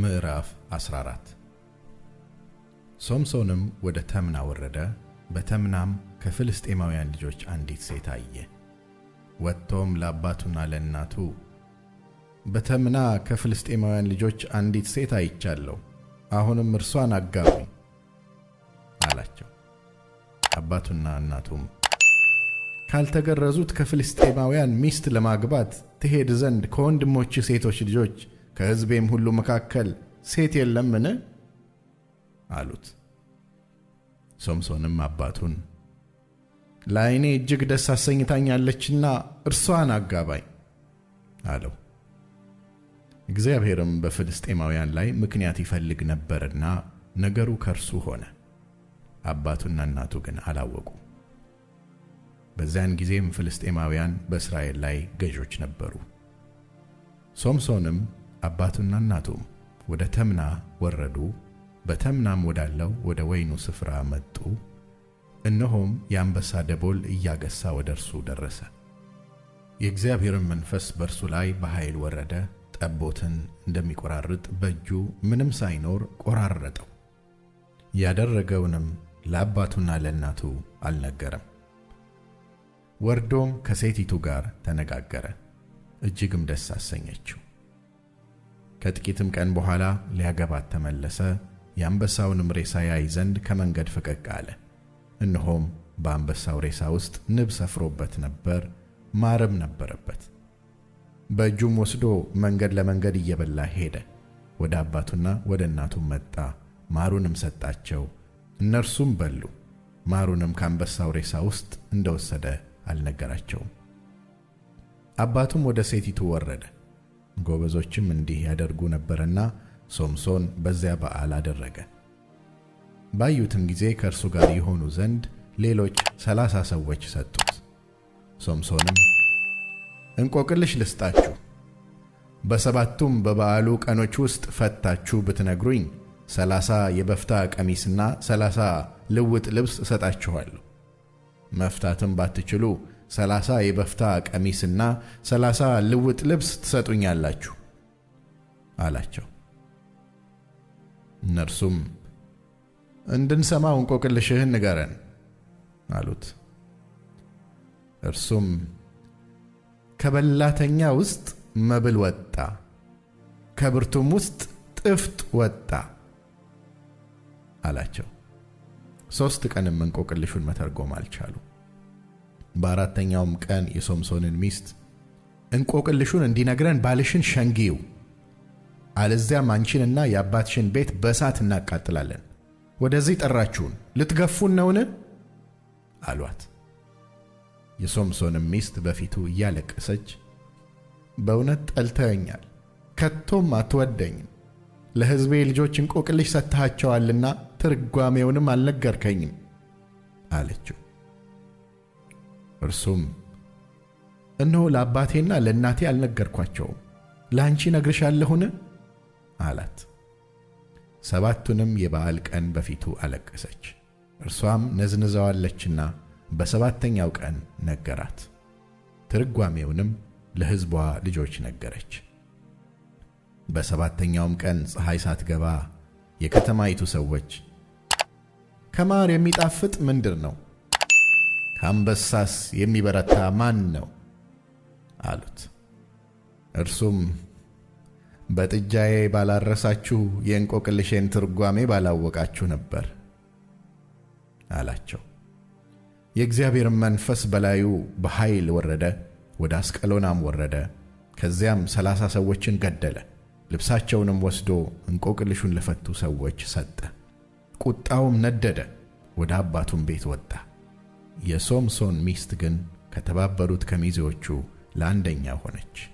ምዕራፍ 14 ሶምሶንም ወደ ተምና ወረደ። በተምናም ከፍልስጤማውያን ልጆች አንዲት ሴት አየ። ወጥቶም ለአባቱና ለእናቱ በተምና ከፍልስጤማውያን ልጆች አንዲት ሴት አይቻለሁ፣ አሁንም እርሷን አጋቡኝ አላቸው። አባቱና እናቱም ካልተገረዙት ከፍልስጤማውያን ሚስት ለማግባት ትሄድ ዘንድ ከወንድሞች ሴቶች ልጆች ከሕዝቤም ሁሉ መካከል ሴት የለምን? አሉት። ሶምሶንም አባቱን ለዓይኔ እጅግ ደስ አሰኝታኛለችና እርሷን አጋባኝ አለው። እግዚአብሔርም በፍልስጤማውያን ላይ ምክንያት ይፈልግ ነበርና ነገሩ ከእርሱ ሆነ። አባቱና እናቱ ግን አላወቁ። በዚያን ጊዜም ፍልስጤማውያን በእስራኤል ላይ ገዦች ነበሩ። ሶምሶንም አባቱና እናቱም ወደ ተምና ወረዱ። በተምናም ወዳለው ወደ ወይኑ ስፍራ መጡ። እነሆም የአንበሳ ደቦል እያገሳ ወደ እርሱ ደረሰ። የእግዚአብሔርም መንፈስ በእርሱ ላይ በኃይል ወረደ። ጠቦትን እንደሚቆራርጥ በእጁ ምንም ሳይኖር ቆራረጠው። ያደረገውንም ለአባቱና ለእናቱ አልነገረም። ወርዶም ከሴቲቱ ጋር ተነጋገረ፣ እጅግም ደስ አሰኘችው። ከጥቂትም ቀን በኋላ ሊያገባት ተመለሰ። የአንበሳውንም ሬሳ ያይ ዘንድ ከመንገድ ፈቀቅ አለ። እነሆም በአንበሳው ሬሳ ውስጥ ንብ ሰፍሮበት ነበር፣ ማርም ነበረበት። በእጁም ወስዶ መንገድ ለመንገድ እየበላ ሄደ። ወደ አባቱና ወደ እናቱም መጣ፣ ማሩንም ሰጣቸው፣ እነርሱም በሉ። ማሩንም ከአንበሳው ሬሳ ውስጥ እንደወሰደ አልነገራቸውም። አባቱም ወደ ሴቲቱ ወረደ ጎበዞችም እንዲህ ያደርጉ ነበርና ሶምሶን በዚያ በዓል አደረገ። ባዩትም ጊዜ ከእርሱ ጋር የሆኑ ዘንድ ሌሎች ሰላሳ ሰዎች ሰጡት። ሶምሶንም እንቆቅልሽ ልስጣችሁ፣ በሰባቱም በበዓሉ ቀኖች ውስጥ ፈታችሁ ብትነግሩኝ ሰላሳ የበፍታ ቀሚስና ሰላሳ ልውጥ ልብስ እሰጣችኋለሁ። መፍታትም ባትችሉ ሰላሳ የበፍታ ቀሚስና ሰላሳ ልውጥ ልብስ ትሰጡኛላችሁ አላቸው። እነርሱም እንድንሰማው እንቆቅልሽህን ንገረን አሉት። እርሱም ከበላተኛ ውስጥ መብል ወጣ፣ ከብርቱም ውስጥ ጥፍጥ ወጣ አላቸው። ሦስት ቀንም እንቆቅልሹን መተርጎም አልቻሉም በአራተኛውም ቀን የሶምሶንን ሚስት እንቆቅልሹን እንዲነግረን ባልሽን ሸንጊው አለዚያም አንቺንና የአባትሽን ቤት በእሳት እናቃጥላለን፤ ወደዚህ ጠራችሁን ልትገፉን ነውን? አሏት። የሶምሶንም ሚስት በፊቱ እያለቀሰች በእውነት ጠልተኛል ከቶም አትወደኝም፣ ለሕዝቤ ልጆች እንቆቅልሽ ሰጥተሃቸዋልና ትርጓሜውንም አልነገርከኝም አለችው። እርሱም እነሆ ለአባቴና ለእናቴ አልነገርኳቸውም፣ ለአንቺ ነግርሻለሁን አላት። ሰባቱንም የበዓል ቀን በፊቱ አለቀሰች፤ እርሷም ነዝንዛዋለችና በሰባተኛው ቀን ነገራት። ትርጓሜውንም ለሕዝቧ ልጆች ነገረች። በሰባተኛውም ቀን ፀሐይ ሳትገባ የከተማይቱ ሰዎች ከማር የሚጣፍጥ ምንድር ነው ከአንበሳስ የሚበረታ ማን ነው? አሉት። እርሱም በጥጃዬ ባላረሳችሁ የእንቆቅልሼን ትርጓሜ ባላወቃችሁ ነበር አላቸው። የእግዚአብሔርም መንፈስ በላዩ በኃይል ወረደ፣ ወደ አስቀሎናም ወረደ። ከዚያም ሰላሳ ሰዎችን ገደለ። ልብሳቸውንም ወስዶ እንቆቅልሹን ለፈቱ ሰዎች ሰጠ። ቁጣውም ነደደ፣ ወደ አባቱም ቤት ወጣ። የሶምሶን ሚስት ግን ከተባበሩት ከሚዜዎቹ ለአንደኛ ሆነች።